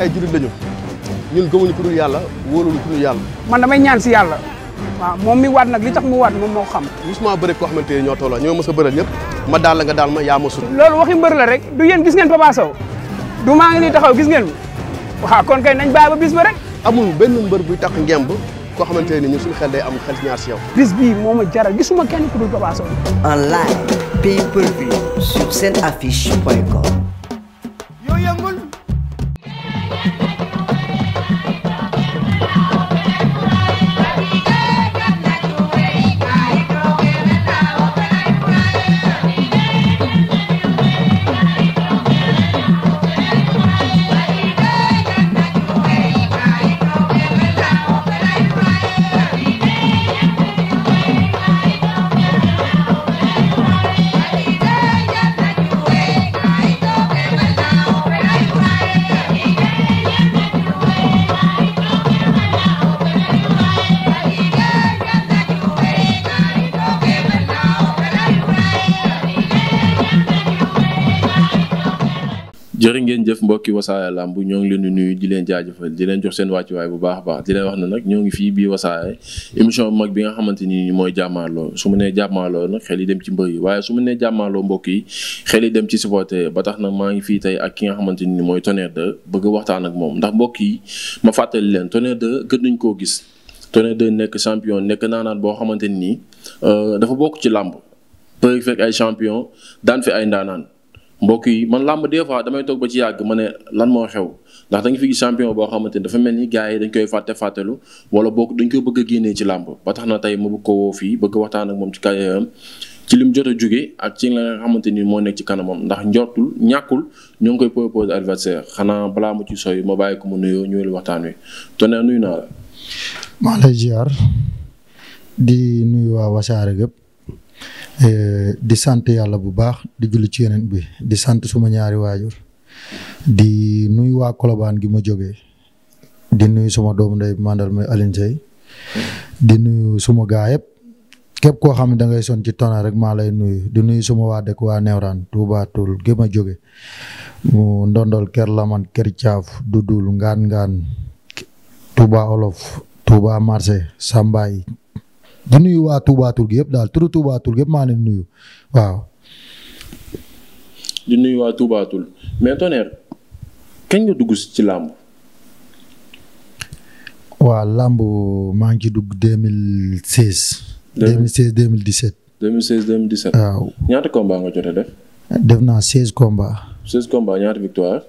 ay jullit lañu ñun gëmuñu ku dul yàlla wóoluñu ku dul yàlla. man damay ñaan si yàlla. waaw moom mi waat nag li tax mu waat moom moo xam. gisuma bëri koo xamante ne ñoo tolloo ñoo mës a bëral ñëpp ma daal la nga ma yaa ma sut. loolu waxi mbër la rek du yéen gis ngeen Papa Sow du taxaw gis ngeen waaw kon kay nañ bàyyi ba bis amul benn mbër buy tax ngemb koo xamante ne ñun suñu xel day am xel ñaar si yow. bis bii moo ma jaral gisuma kenn ku dul Papa Sow. en live pay per view sur seen affiche point jërëjëf mbokki wasaare làmb ñoo ngi leen di nuyu di leen jaajëfal di leen jox seen wàccuwaay bu baax a baax di leen wax ne nag ñoo ngi fii bii wasaare émission bu mag bi nga xamante ni mooy jàmmaarloo su mu nee jàmmaarloo nag xel yi dem ci mbër yi waaye su mu nee jàmmaarloo mbokk yi xel yi dem ci supporter ba tax na maa ngi fii tey ak ki nga xamante ni mooy Tonnerre 2 bëgg waxtaan ak moom ndax mbokk yi ma fàttali leen Tonnerre de gën nañ koo gis Tonnerre de nekk champion nekk naanaan boo xamante ni euh, dafa bokk ci làmb ay champion daan fi ay mbokk yi man làmb des fois damay toog ba ci yàgg ma ne lan moo xew ndax da fi gis champion boo xamante ni dafa mel ni gars yi dañ koy fàtte fàttelu wala boog dañ koy bëgg a génnee ci làmb ba tax na tey ma bëgg ko woo fii bëgg waxtaan ak moom ci kayam ci lim jot a jóge ak ci nga xamante ni moo nekk ci kanamam ndax njortul ñàkkul ñoo ngi koy proposé adversaire xanaa balaa mu ci sooy ma bàyyi ko mu nuyoo ñëwal waxtaan wi Tonnerre nuyu naa la. maa la ziar di nuyu waa Wassare gépp Eh, di sant yàlla bu baax di julli ci yeneen bi di sant suma ñaari waajur di nuyu waa kolobaan gi ma jóge di nuyu suma doomu ndey mandal mooy Alioune di nuyu suma gaa yëpp képp koo xam ne da son ci tona rek maa lay nuyu di nuyu suma waa dëkk waa Néewraan Touba Toul gi ma jóge mu ndondol Kër Laman Kër Caaf Dudul Ngaan Ngaan Touba Olof Touba Marché Sambaay di nuyu waa Touba gi yëpp daal turu Touba gi yëpp maa leen nuyu waaw. di nuyu waa Touba Toul mais dugg ci làmb. waa làmb maa ngi ci dugg 2016. 2016 2017. 2016 2017. waaw ñaata combats nga jot a def. def naa 16 combats. 16 combats ñaata victoire.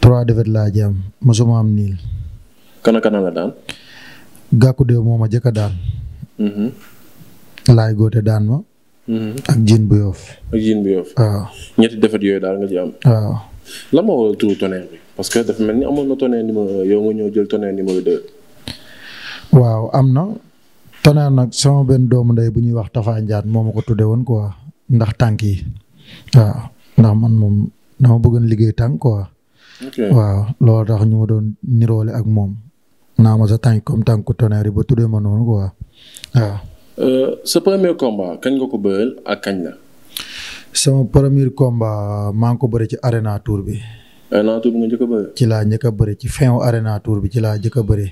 3 défaites laa ji am mosuma am niil. kana kana la daan. gàkku de moom a jëkk daan. Mm-hmm. laay góote daan ma. Mm-hmm. ak jin bu ak jin bu waaw ñetti defet yooyu daal nga ci am. parce que mel ni amoon na tonnerre numéro waaw am na. tonnerre nag sama benn doomu ndey bu ñuy wax Tafa Ndiaye moo ma ko tuddee woon quoi ndax tànk yi waaw ndax man moom dama bëggoon liggéey tànk quoi. waaw loolu tax ñu ma doon niroole ak moom. naa ma sa tànk comme tànku tonnerre yi ba tuddee ma noonu quoi waaw. Euh, sa premier combat kañ nga ko bëreel ak kañ la. sama premier combat maa ngi ko bëri ci arena tour bi. ci laa njëkk a bëri ci fin wu bi ci laa njëkk a bëri.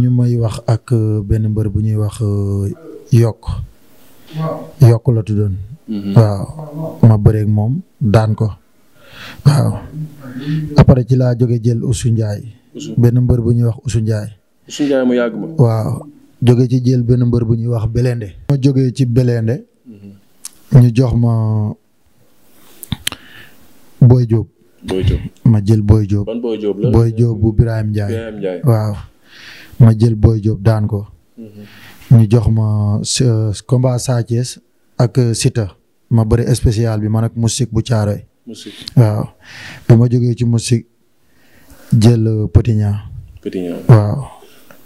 ñu may wax ak euh, benn mbër bu ñuy wax euh, yokk. yokk la tuddoon. Mhm. waaw ma bëreeg moom daan ko. waaw après ci laa jóge jël Oussou Ndiaye. benn mbër bu ñuy wax Usu Njaay. waaw jóge ci jël benn mbër bu ñuy wax Belende. ma jógee ci Belende. Mm-hmm. ñu jox ma booy Diop. ma jël booy Diop. ban Boy jël Boy Diop daan ko. Mm-hmm. ñu jox ma euh, combat Sa ak euh, sita ma bëri spécial bi man ak musique bu caaroy. musique waaw bi ma jógee ci musique. jël euh, Petit Niang. Petit Niang waaw.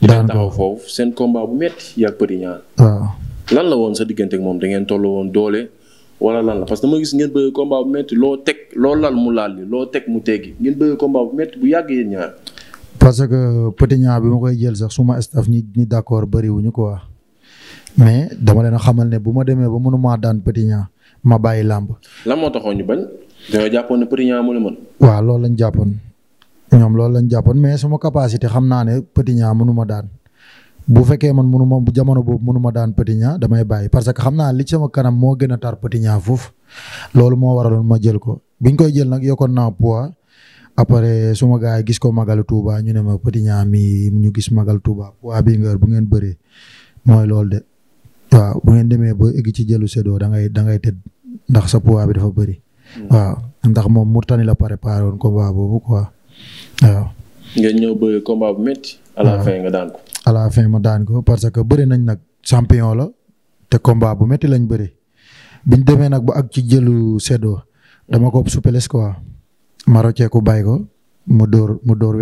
daan taxaw foofu seen combat bu metti yàgg Petit Niang. lan la woon sa diggante moom da ngeen toll woon doole wala lan la parce que dama gis ngeen bëgg combat bu metti teg loo lal mu laal li loo teg mu teggi ngeen bëgg combat bu metti bu yàgg yéen ñaa parce que euh, Petit Niang bi ma koy jël sax suma staff ñi ñi bariwuñu ko quoi mais dama leen a xamal ne bu ma demee ba mënumaa daan Petit Niang ma bàyyi làmb. lan moo taxoon ñu bañ. dañoo jàppoon ne Petit Niang moo la mën. waaw loolu lañ jàppoon. ñoom loolu lañu jàppoon mais suma capacité xam naa ne Petit Niang mënuma daan bu fekkee man mënuma bu jamono boobu ma daan Petit Niang damay bàyyi parce que xam naa li ci sama kanam moo gën a tar Petit Niang foofu loolu moo waraloon ma jël ko biñ koy jël nag yokkoon naa poids après suma gars yi gis ko Magal tuubaa ñu ne ma Petit Niang mi ñu gis Magal Touba poids bii nga bu ngeen bëree mooy loolu de waaw bu ngeen demee ba egg ci jëlu séddoo da ngay da ngay ndax sa poids bi dafa bëri. Hmm. waaw ndax moom Mourtani la préparé woon combat boobu waaw. nga daan ma daan ko parce que bëri nañ nag champion la te combat bu métti lañ bëri demee nag ci jëlu seddoo dama ko suppeles quoi ma rocceeku ko mu dóor mu dóor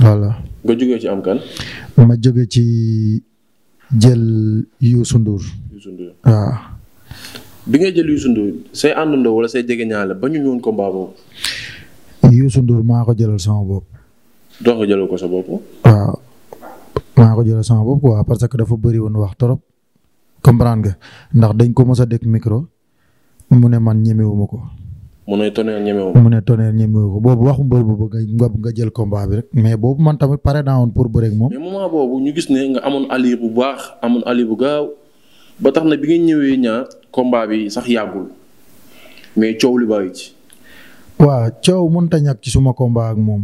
nga jógee ci am kan. ma jóge ci jël Youssou Ndour. Youssou waaw. bi ngay jël Youssou Ndour say àndandoo wala say jege ñaale ba ñu ñëwoon combat boobu. Youssou Ndour maa ko jëlal sama bopp. doo ko jëlal ko sa bopp. waaw maa ko jëlal sama bopp waaw parce que dafa bëri wax trop comprendre nga ndax dañ ko mos a dégg micro mu ne man ñemewuma ko. mu ne tonnerre ñemewu ko mu ne tonnerre ñemewu ko boobu waxu mbër bëgg nga nga jël combat bi rek mais boobu man tamit pare naa woon pour bëreeg moom. mais moment boobu ñu gis ne nga amoon ali bu baax amoon ali bu gaaw ba tax na bi nga ñëwee ñaar combat bi sax yàggul mais coow li bàyyi ci. waaw coow mënta ñàkk ci suma combat ak moom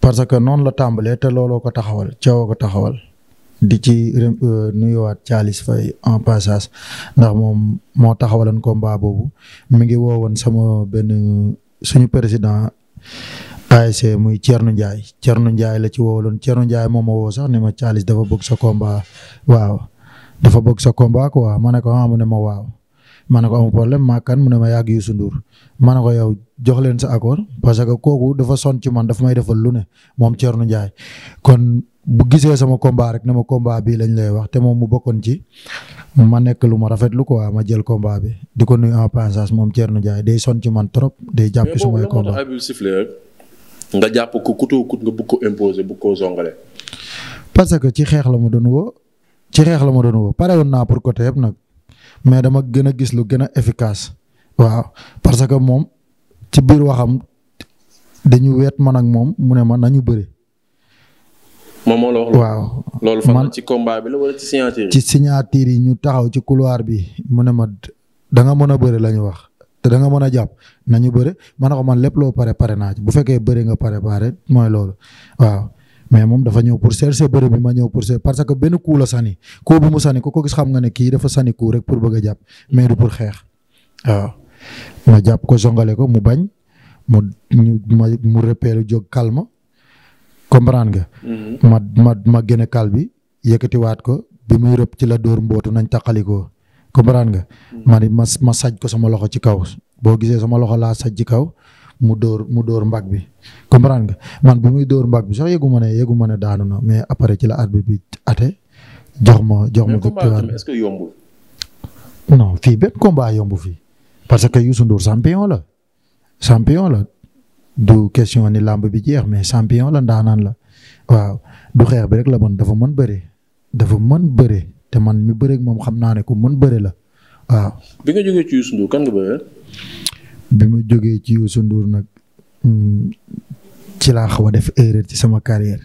parce que noonu la tàmbalee te looloo ko taxawal coow ko taxawal di ci euh, nuyuwaat Thialis Faye en passage ndax moom moo ko mbaa boobu mu ngi woowoon sama benn suñu président ASC muy Thierno Ndiaye nu njaay la ci woowaloon Thierno Ndiaye moom ma woo sax ne ma caalis dafa bëgg sa combat waaw dafa bëgg sa combat quoi ma ne ko ah ne ma waaw ma ne ko amul problème maa kan mu ne ma yàgg Youssou Ndour ma ne ko yow jox leen sa accord parce que kooku dafa son ci man dafa may defal lu ne moom Thierno Ndiaye kon bu gisee sama combat rek ne ma combat bi lañ lay wax te moom mu bokkoon ci ma nekk lu ma rafetlu waa ma jël combat bi di ko nuyu en passage moom Thierno Ndiaye day son ci man trop day jàpp ci sumay combat nga jàpp ko kutu kut koo zongale. parce que ci xeex la ma doon woo ci xeex la ma doon woo pare woon naa pour côté yëpp nag. mais dama gën a gis lu gën a efficace waaw parce que moom ci biir waxam dañu weet man ak moom mu ne ma nañu bëri. moom waaw loolu fan ci combat bi la wala ci ci signature yi ñu taxaw ci couloir bi mu ne ma da mën a bëri la ñu wax te danga mën a jàpp nañu bëri man ne ko man lépp loo pare pare naa ci bu fekkee bëri nga pare pare mooy loolu waaw. mais moom dafa ñëw pour chercher bëre bi ma ñëw pour chercher parce que benn coup a sànni coup bu mu sànni ku ko gis xam nga ne kii dafa sànni coup rek pour bëgg a jàpp mais du pour xeex waaw. ma jàpp ko songale ko mu bañ mu mu repéelu jóg calme comprendre nga. Mm-hmm. ma ma ma gën a kal bi yëkkatiwaat ko bi muy rëpp ci la dóor mbootu nañ taqalikoo comprendre nga. Mm-hmm. ma ni ma ma saj ko sama loxo ci kaw boo gisee sama loxo laa saj ci kaw mu dóor mu dóor mbag bi comprendre nga man bi muy dóor mbag bi sax yëgu ma ne yëgu ma ne daanu na mais après ci la arbitre bi ate jox ma jox ma victoire est-ce que fii benn combat yomb fii parce que Youssou Ndour champion la champion la du question ni làmb bi jeex mais champion la ndaanaan la waaw du xeex bi rek la mën dafa mën bëre dafa mën bëre te man mu bëre moom xam naa ne ku mën bëre la waaw. bi ma jógee ci Youssou Ndour nag mm, ci laa xaw a def erreur ci sama carrière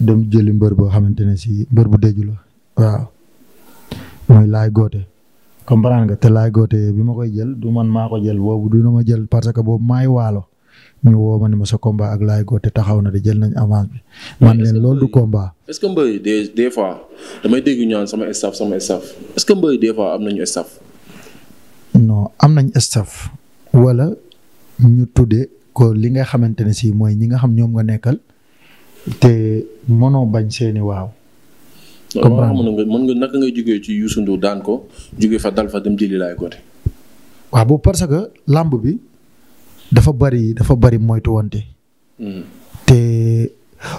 dem jëli mbër boo xamante ne si mbër bu déju la waaw mooy laay goote comprendre nga te laay goote bi ma koy jël du man maa ko jël boobu du na ma jël parce que boobu maay waalo ñu woo ma ne ma sa combat ak laay goote taxaw na de jël nañ avance bi. man leen loolu du combat. est ce que mbër yi des fois damay dégg ñaan sama staff sama staff est que mbër yi des fois am nañu staff. non am nañ staf wala ñu tuddee ko li nga xamante ne si mooy ñi nga xam ñoom nga nekkal te mënoo bañ seeni waaw. comprendre nga mën nga naka ngay jóge ci Youssou Ndour daan ko jógee fa dal fa dem jëli ko côté. waaw boobu parce que làmb bi dafa bari dafa bari moytu wante. Hmm. te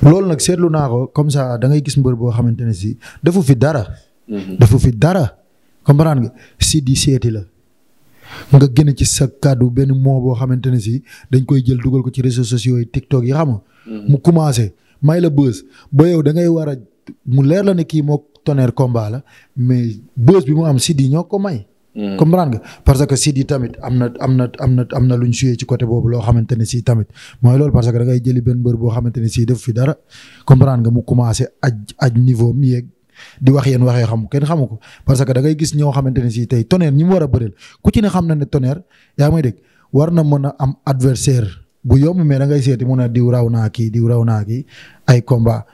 loolu nag seetlu naa ko comme ça da ngay gis mbër boo xamante ne si defu fi dara. Hmm. defu fi dara comprendre nga si di seeti la. nga génn ci sa kàddu benn moo boo xamante ne si dañ koy jël dugal ko ci réseaux sociaux yi TikTok yi xam mm-hmm. mu commencé may la bës ba yow da ngay war a mu leer la ne kii moo tonnerre combat la mais bës bi mu am Sidi ñoo ko may. Mm-hmm. comprendre nga parce que yi tamit am na am na am na am na lu ñu suyee ci côté boobu loo xamante ne si tamit mooy lool parce que da ngay jëli benn mbër boo xamante ne si def fi dara comprendre nga mu commencé aj aj niveau mi yeeg di wax yéen wax yoo xam kenn xamu ko parce que dangay gis ñoo xamante ne sii tey tonnerre ñi mu war a bëreel ku ci ne xam na ne tonnerre yaa may dégg war na mën a am adversaire bu yomb mais da ngay seeti mun a diw raw naa kii diw raw naa ki ay combat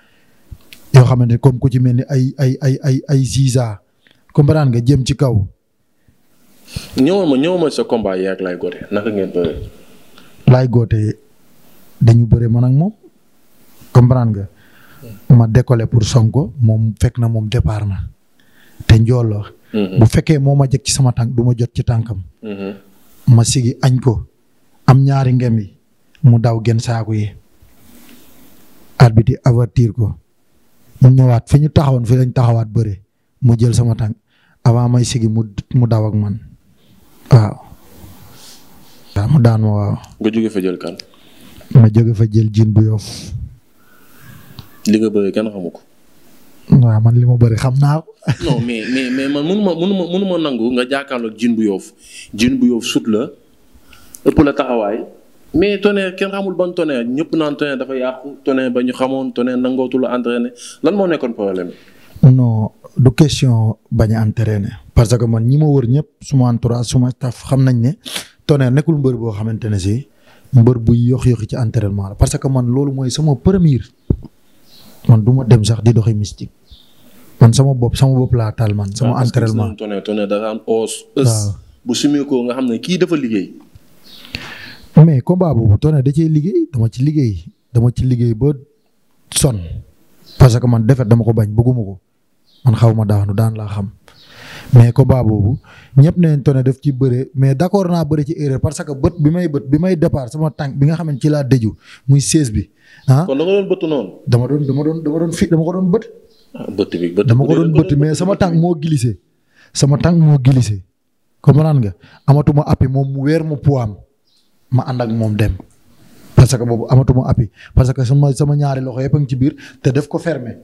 yoo xamante ni comme ku ci mel ni ay ay ay ay ay Ziza comprendre nga jëm ci kaw. ñëwoon ma sa combat yi ak Laye Gothé naka ngeen bëree. Laye Gothé dañu bëree mën ak moom comprendre nga. ma décoller pour Sonko moom fekk na moom départ na te njool la mm-hmm. bu fekkee moo ma jëkk ci sama tànk du ma jot ci tànkam mm-hmm. ma sigi añ ko am ñaari ngem mu daw gen saaku yi arbitre avertir ko mu ñëwaat fi ñu taxawoon fi lañ taxawaat bëre mu jël sama tànk avant may sigi mu mu daw ak man waaw waaw mu daan ma waaw fa jël kan ma jóge fa jël jiin bu yoof li nga bëri kenn xamu ko. waaw man li ma bëri xam naa ko. non mais mais man mënu ma mënu ma mënu ma nangu nga jàkkaarloog jun bu yoofu jin bu yoof sut la ëpp la taxawaay mais Tonnerre kenn xamul ban Tonnerre ñëpp naan dafa yàqu ba ñu xamoon Tonnerre nangootu la entraîné lan moo nekkoon problème non du question bañ a entraîné parce que man ñi ma wër ñëpp suma entourage suma staff xam nañ ne Tonnerre nekkul mbër boo xamante ne si mbër buy yox yoxi ci entraînement la parce que man loolu mooy sama premier man duma dem sax di doxee mystique man sama bopp sama bopp laa taal man. sama entraînement tonne tonne da am os. waaw bu nga xam ne kii dafa liggéey. mais combat boobu tone da cee liggéey dama ci liggéey dama ci liggéey ba son parce que man defet dama ko bañ bëgguma ko man xaw ma daanu daan laa xam. mais baa boobu ñëpp nañ tone def ci bëre mais d' accord naa bëre ci erreur parce que bët bi may bët bi may départ sama tànk bi nga xam ne ci laa dëju muy seize bi ah. kon da nga doon bëtt noonu. dama doon dama fi dama ko doon bët. Ah, dama ko doon bëtt mais sama tànk moo glissé. sama tànk moo glissé. comprendre nga amatuma appui moom mu weer mu poids ma ànd ak moom dem. parce que boobu amatuma appui parce que sama sama ñaari loxo yëpp a ngi ci biir te def ko fermé.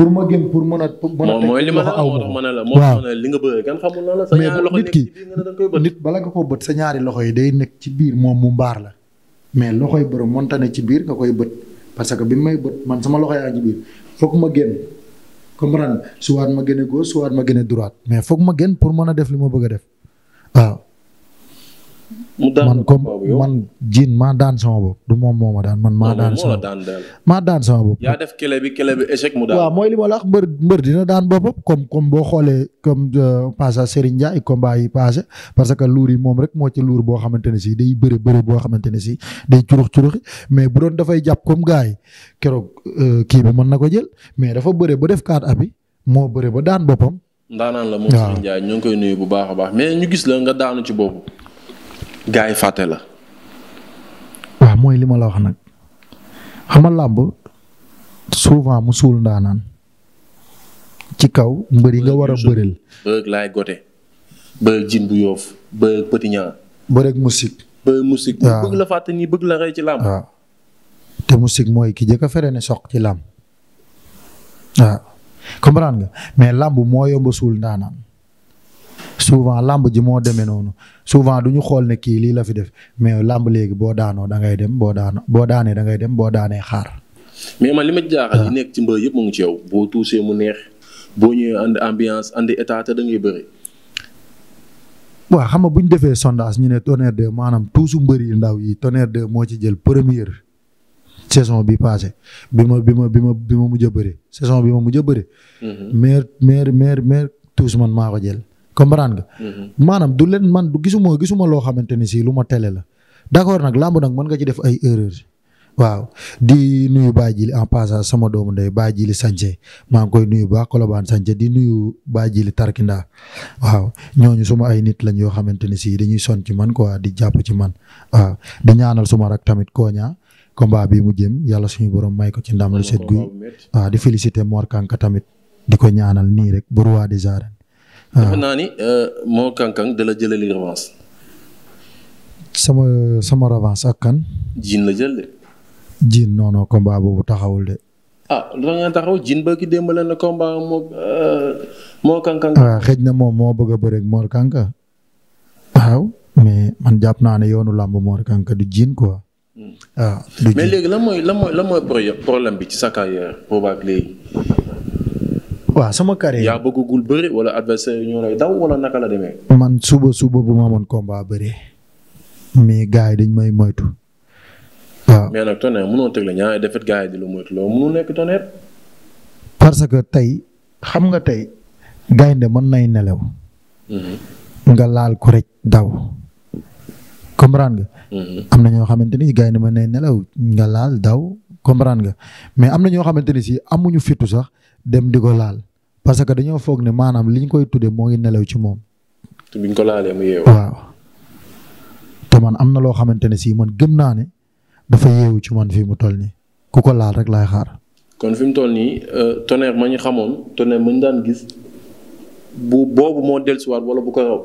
pour ma génn pour mën a. pour mën a teg mooy li ma la moo la moo li nga bëgg kan xamul lan la. sa ñaari loxo nit ki nit bala nga koo bët sa ñaari loxo yi day nekk ci biir moom mu mbaar la mais loxoy borom mënta ne ci biir nga koy bët parce que bi may bët man sama loxo yaa ci biir foog ma génn comprendre suwaat ma gën a gauche suwaat ma gën a droite mais foog ma génn pour mën a def li ma bëgg a def waaw. man comme man jiin maa daan sama bopp du moom moo ma daan man maa daan sama maa daan sama bopp. yaa def kele bi kele bi mooy li ma la wax mbër mbër dina daan boppam comme comme boo xoolee comme euh, passage Serigne Ndiaye combat yi passé parce que luur yi moom rek moo ci luur boo xamante ne si day bëre bëre boo xamante ne si day curux curuxi mais bu doon dafay jàpp comme gars yi keroog euh, kii bi mën na ko jël mais dafa bëre ba def kaat abi moo bëre ba daan boppam. ndaanaan la moom Serigne Ndiaye ñoo ngi koy nuyu bu baax baax mais ñu gis la nga daanu ci bopp gars yi fàtte la. waaw mooy li ma la wax nag xam nga làmb souvent mu suul ndaanaan ci kaw mbër yi nga war a bëril. bëgg laay gote bëgg jin bu yoof bëgg petit ñaar. bëgg musique. bëgg bëgg la fàtte nii bëgg la rey ci làmb. waaw te musique mooy ki jëkk a fere ne soq ci làmb waaw comprendre nga mais làmb moo yomb suul ndaanaan. souvent làmb ji moo demee noonu souvent du ñu xool ne kii lii la fi def mais làmb léegi boo daanoo da ngay dem boo daanoo boo daanee da ngay dem boo daanee xaar. mais ma li ma jaaxal yi ah. nekk ci mbër yëpp mu ci yow boo tuusee mu neex boo ñëwee ànd ambiance ànd état te da ngay bëri. waaw xam nga bu ñu defee sondage ñu ne Tonnerre de maanaam tuusu mbëri ndaw yi Tonnerre de moo ci jël première saison bi passé bi ma bi ma bi ma bi ma mujj a bëri saison bi ma mujj a bëri. Mhm. maire maire maire maire tuus man maa jël. comprendre ga mhm. maanaam du leen man du gisuma gisuma loo xamante ni si lu ma tele la d'accord nag làmb nag mën nga ci def ay erreurs. waaw di nuyu Baye Jili en passant sama doomu ndey Baye Jili Sanche maa ngi koy nuyu baax Colobane Sanche di nuyu Baye Jili Tarkinda waaw ñooñu suma ay nit lañ yoo xamante ne si dañuy son ci man quoi di jàpp ci man waaw di ñaanal suma rak tamit koña combat bi mu jëm yàlla suñu borom may ko ci ndam lu set guy waaw di féliciter Mor Kanka tamit di ko ñaanal nii rek bu roi defe ah. naa ni euh, moo kànkang da la jëlali revanche. sama sama revanche ak kan. jiin la jël de. jiin non non combat boobu taxawul de. ah da nga taxaw jiin ba ki démb la ne combat moo moo kànkang. xëj na moom moo bëgg a bëreeg Mor Kanka. waaw mais man jàpp naa ne yoonu làmb Mor Kanka du jiin quoi. waaw hmm. ah, mais léegi lan mooy la mooy lan mooy problème bi ci sa carrière boobu ak léegi. waaw sama carrière yaa bëggagul bëri wala wala naka man suba suba bu ma amoon combat bëri mais yi dañ may moytu waaw. mais nag Tonnerre di la moytu loolu mënu que tey xam nga tey gaynde mën nay nelaw. Mhm. nga laal ko rek daw. comprendre nga. Mhm. na ñoo xamante ni gaynde mën nay nelaw nga laal daw comprendre nga mais am na ñoo xamante ni si amuñu fitu sax. dem di ko laal parce que dañoo foog ne maanaam liñ koy tuddee moo ngi nelaw ci moom. te ko laalee mu yeewu. waaw te man am na loo xamante ne si man gëm naa ne dafa yeewu ci man fi mu toll nii ku ko laal rek laay xaar. kon fi mu toll nii euh, tonnerre ma ñu xamoon tonnerre ma ñu daan gis bu boobu moo dellusiwaat wala bu ko raw.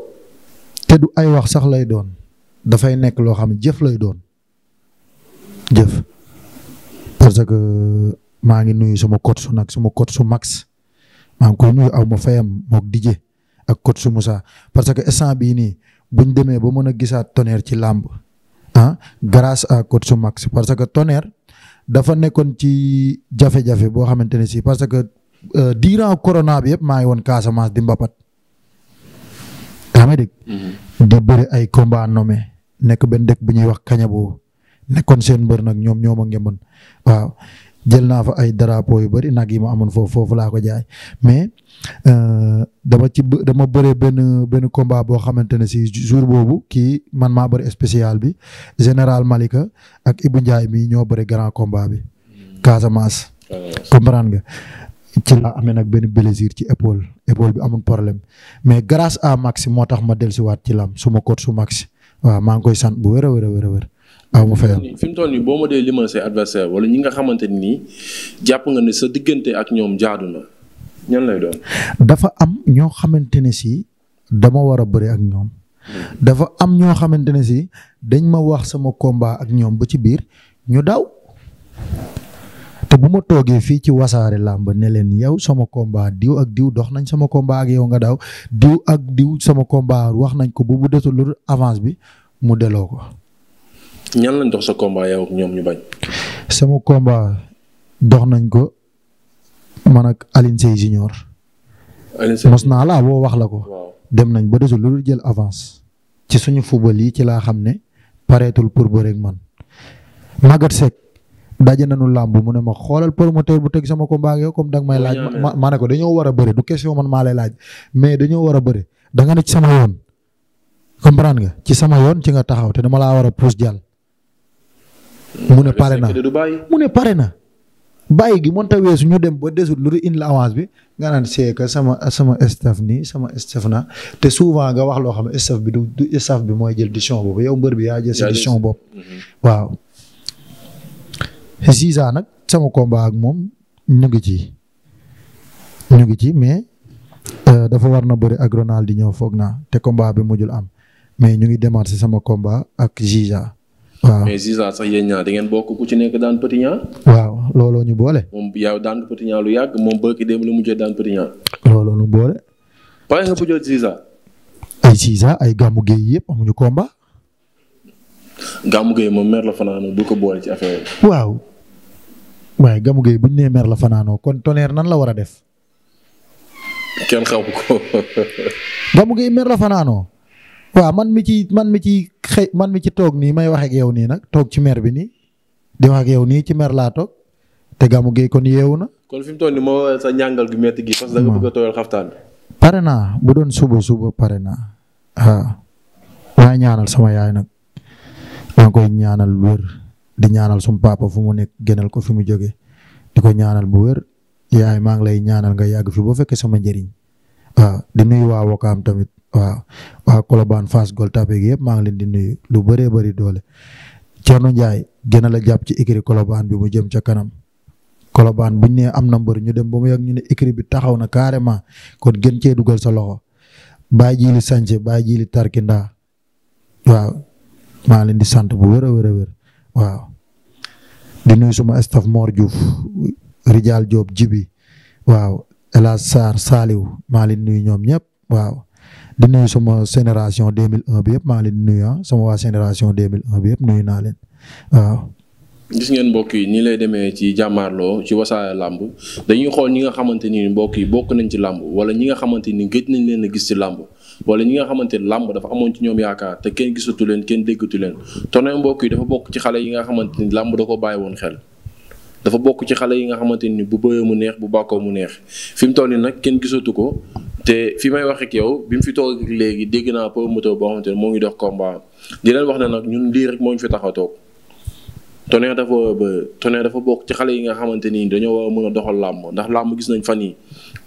te du ay wax sax lay doon dafay nekk loo xam ne jëf lay doon jëf parce que. maa ngi nuyu suma coach su nag suma coach su Max maa ngi koy nuyu aw ma fayam mook Dijé ak coach su Moussa parce que instant bii nii buñ demee ba mën a gisaat tonnerre ci làmb ah grace à coach su Max parce que tonnerre dafa nekkoon ci jafe-jafe boo xamante ne si parce que euh, durant corona bi yëpp maa ngi woon Casamance di mbapat daa may mm-hmm. di bëri ay combat nommé nekk benn dëkk bu ñuy wax kaña boo nekkoon seen mbër nag ñoom ñoom a waaw jël naa fa ay drapeau yu bari nag yi ma amoon foofu foofu laa ko jaay mais euh, dama ci dama bëree benn benn combat boo xamante ne si jour boobu kii man maa bëri spécial bi général Malika ak Ibou Ndiaye mii ñoo bëri grand combat bi Casamance. comprendre nga ci laa amee nag benn blessure ci épaule épaule bi amul problème mais grâce à Max moo tax ma dellusiwaat ci lam suma coach su Max waaw maa ngi koy sant bu wér a wér a wér a wér waaw ah, bu fayal fi mu toll nii boo ma dee limal say adversaire wala ñi nga xamante nii jàpp nga ne sa diggante ak ñoom jaadu na ñan dafa am ñoo xamante ne si dama war a bëri ak ñoom. dafa am ñoo xamante ne si dañ ma wax sama kombaa ak ñoom ba ci biir ñu daw. te bu ma toogee fii ci wasaare làmb ne leen yow sama combat diw ak diw dox nañ sama combat ak yow nga daw diw ak diw sama combat wax nañ ko bu bu desul avance bi mu delloo ko. ñan lañ dox sa combat yow ñoom ñu bañ. sama combat dox nañ ko man ak Alioune Seye Junior. Alioune Seye mos naa laa woo wax la ko. waaw dem nañ ba desul lu jël avance. ci suñu football yi ci laa xam ne pareetul pour bëre ak man Maguette Seck daje nañu làmb mu ne ma xoolal promoteur bu teg sama combat ak yow comme danga may laaj ma ko dañoo war a bëre du question man lay laaj mais dañoo war a bëre da nga ne ci sama yoon comprendre nga ci sama yoon ci nga taxaw te dama laa war a puus jàll mu ne pare na mu ne pare na bàyyi gi mënta weesu ñu dem ba desul lu indi la avance bi nga naan c'est que sama sama staff nii sama staff na te souvent nga wax loo xam ne staff bi du du staff bi mooy jël décision boobu yow mbër bi yaa jël sa décision boobu mhm. waaw Ziza nag sama combat ak moom ñu ngi ci ñu ngi ci mais euh, dafa war na bëri ak di ñëw foog naa te combat bi mujjul am mais ñu ngi demaat si sama komba ak Ziza waaw mais Ziza sax yéen ñaar da ngeen bokk ku ci nekk daan Petit waaw looloo ñu boole. moom yow daan Petit lu yàgg moom bëgg dem lu mujjee daan Petit Niang. looloo ñu boole. pare nga bu jot ay Ziza ay gàmmu géey yëpp amuñu combat. gàmmu géey moom mer la fanaanoo bu ko boole ci affaire yi. waaw waaye gàmmu géey buñ nee mer la fanaanoo kon tonnerre nan la war a def. kenn xamu ko. gàmmu géey mer la fanaanoo. waaw man mi ci man mi ci man mi ci toog nii may wax ak nii nag toog ci mer bi nii di wax ak yow nii ci meer laa toog te gàmmu gi kon yeewu na. kon fi mu toll nii moo sa ñàngal gu métti gi. parce que da nga a tooyal xaftaan. pare naa bu doon suba suba pare naa waaw. waaye ñaanal sama yaay nag maa koy ñaanal wér di ñaanal sum papa fu mu nekk gënal ko fi mu jóge di ko ñaanal bu wër yaay maa ngi lay ñaanal nga yàgg fi boo fekkee sama njariñ waaw di nuyu waa Wakaam tamit. waaw waa Colobane Fass Gueule Tapée gi yëpp maa ngi leen di nuyu lu baree bëri doole Thierno nu gën a la jàpp ci écurie Colobane bi mu jëm ca kanam Colobane buñ ne am na mbër ñu dem ba mu yàgg ñu ne écurie bi taxaw na carrément kon gën cee dugal sa loxo bàyyi ji li sànce bàyyi ji li tarkindaa waaw maa ngi leen di sant bu wër a wër a wër waaw di nuyu suma staff Mor Diouf Rijal Diop Jibi waaw El Hadj Sarr maa leen nuyu ñoom ñëpp waaw di nuyu sama génération 2001 bi yëpp maa ngi leen di nuyu ah, sama waa génération 2001 bi yëpp nuyu naa leen waaw. gis ngeen mbokk yi nii lay demee ci jàmmaarloo ci wasaare làmb dañuy xool ñi nga xamante ni mbokk yi bokk nañ ci làmb wala ñi nga xamante ni gëj nañ leen a gis ci làmb wala ñi nga xamante ni làmb dafa amoon ci ñoom yaakaar te kenn gisatu leen kenn déggatu leen Tonnerre mbokk dafa bokk ci xale yi nga xamante ni làmb da ko bàyyi woon xel. dafa bokk ci xale yi nga xamante ni bu bëyee mu neex bu bàkkoo mu neex fi mu toll nii nag kenn gisatu ko te fi may wax ak yow bi mu fi toog ak léegi dégg naa promoteur boo xamante ne moo ngi dox combat di wax ne nag ñun lii rek moo ñu fi tax a toog Tonnerre dafa ba Tonnerre dafa bokk ci xale yi nga xamante ni dañoo war mën a doxal làmb ndax làmb gis nañ fan yi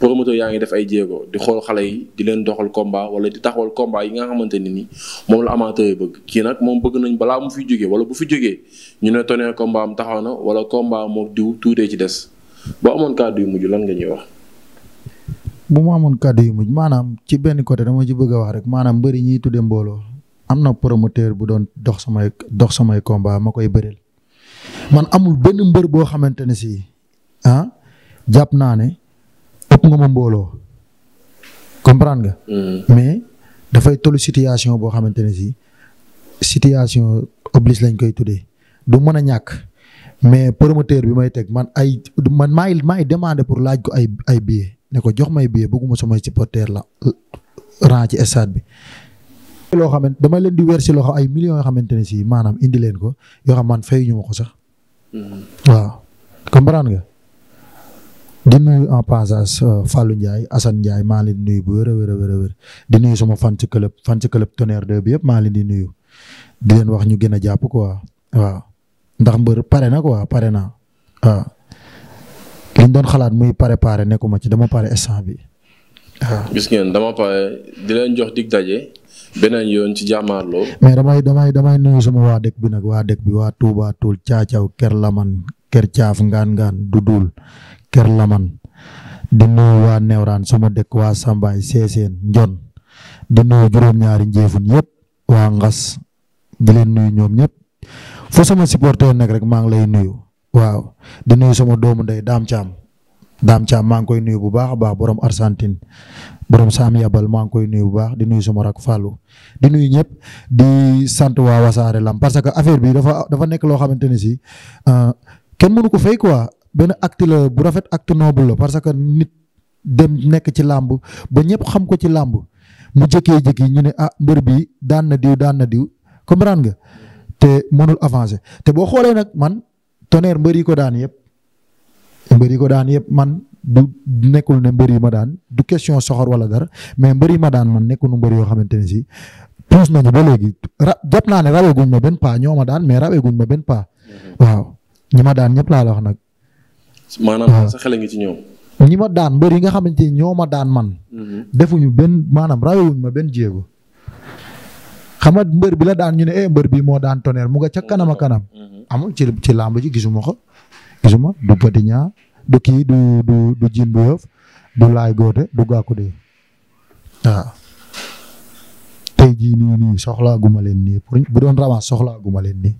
promoteur yaa ngi def ay jéego di xool xale yi di leen doxal combat wala di taxawal combat yi nga xamante ne ni moom la amateur yi bëgg kii nag moom bëgg nañ balaa mu fi jógee wala bu fi jógee ñu ne Tonnerre combat taxaw na wala combat moom diw tuutee ci des boo amoon kàddu yu mujj lan nga ñuy wax. bu ma amoon kàddu yu mujj maanaam ci benn côté dama ci bëgg a wax rek maanaam bëri ñiy tuddee mbooloo am na promoteur bu doon dox samay dox samay combat ma koy bëril man amul benn mbër boo xamante ne si ah jàpp naa ne ëpp nga ma mbooloo comprendre nga. Mm. mais dafay tollu situation boo xamante ne si situation oblige lañ koy tuddee du mën a ñàkk mais promoteur bi may teg man ay man maay maay demandé pour laaj ko ay ay billets. ne ko jox may billet bëgguma samay supporter la rang ci stade bi. loo xamante dama leen di weer si loxo ay million yoo xamante ne si maanaam indi leen ko yoo xam man fay ñu ma ko sax. Hmm. waaw comprendre nga. di nuyu en passage euh, Fallou Ndiaye Assane Ndiaye maa leen nuyu bu wér a wér a wér a wér di nuyu sama fan ci club fan ci club Tonnerre 2 yëpp maa leen di nuyu. di leen wax ñu gën a jàpp quoi waaw ndax mbër pare na quoi pare na liñ doon xalaat muy préparé nekkuma ci dama pare instant bi waaw. Ah. gis dama pare di leen jox dig daje. beneen yoon ci jàmmaarloo. mais damay damay damay nuyu sama waa dëkk bi nag waa dëkk bi waa Touba Toul Caacaw Ker Laman kër Caaf Ngaan Ngaan Dudul kër Laman di nuyu waa Newraan sama dëkk waa Sambaay Seeseen Njon di nuyu juróom-ñaari njeefun yëpp waa Ngas di leen nuyu ñoom ñëpp fu sama supporter nekk rek maa ngi lay nuyu. waaw di nuyu sama doomu ndey Dame Thiam Dame Thiam maa ngi koy nuyu bu baax a baax borom Argentine borom Saam Yabal maa ngi koy nuyu bu baax di nuy sama rak Fallou di nuyu ñëpp di sant waa Wasaare Lam parce que affaire bi dafa dafa nekk loo xamante ni si euh, kenn mënu ko fay quoi benn acte bu rafet acte noble la parce que nit dem nekk ci làmb ba ñëpp xam ko ci làmb mu jëkkee jëkki ñu ne ah mbër bi daan na diw daan na diw comprendre nga te mënul avancer tonnerre mbër ko daan yëpp mbër ko daan yëpp man du nekkul ne mbër yi ma daan du question soxor wala dara mais mbër yi ma daan man nekkul mbër yoo xamante ne si puus nañu ba léegi jot naa ne rawe ma benn paa ñoo ma daan mais rawe ma benn paa. Mm-hmm. waaw ñi ma daan ñëpp laa la wax nag. maanaam ngi ci ñoom. ñi ma daan mbër yi nga xamante ni ñoo ma daan man. Mm-hmm. defuñu benn maanaam rawewuñ ma benn jéego. xam nga mbër bi la daan ñu ne eh mbër bii moo daan tonnerre mu nga ca kanam kanam. Mm-hmm. amul ci ci làmb ji gisuma ko gisuma du Petit Niang du kii du du du du Laay Goote du Gàkku de waaw tey jii nii nii soxlaa guma leen nii pour bu doon ramas soxlaa guma leen nii.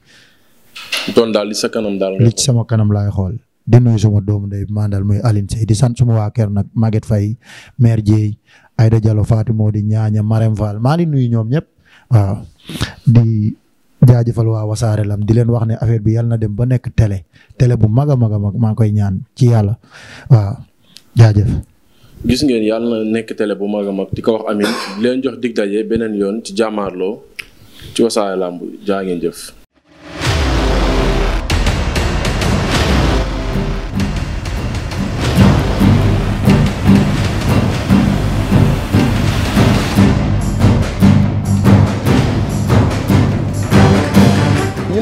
doon daal li sa kanam daal li ci sama kanam laay xool. di nuyu sama doomu ndey maa daal muy Aline Sey di sant suma waa kër nag Maguette Faye maire Dieye Aïda Diallo Fatima di ñaaña Marème Fall maa ngi nuyu ñoom ñëpp waaw jaajëfal waa wasaare lam di leen wax ne affaire bi yàlla na dem ba nekk tele télé bu mag a mag a mag maa koy ñaan ci yàlla waaw jaajëf. gis ngeen yàlla nekk télé bu mag a mag di ko wax amin di leen jox dig daje beneen yoon ci jàmmaarloo ci wasaare làmb jaa ngeen jëf.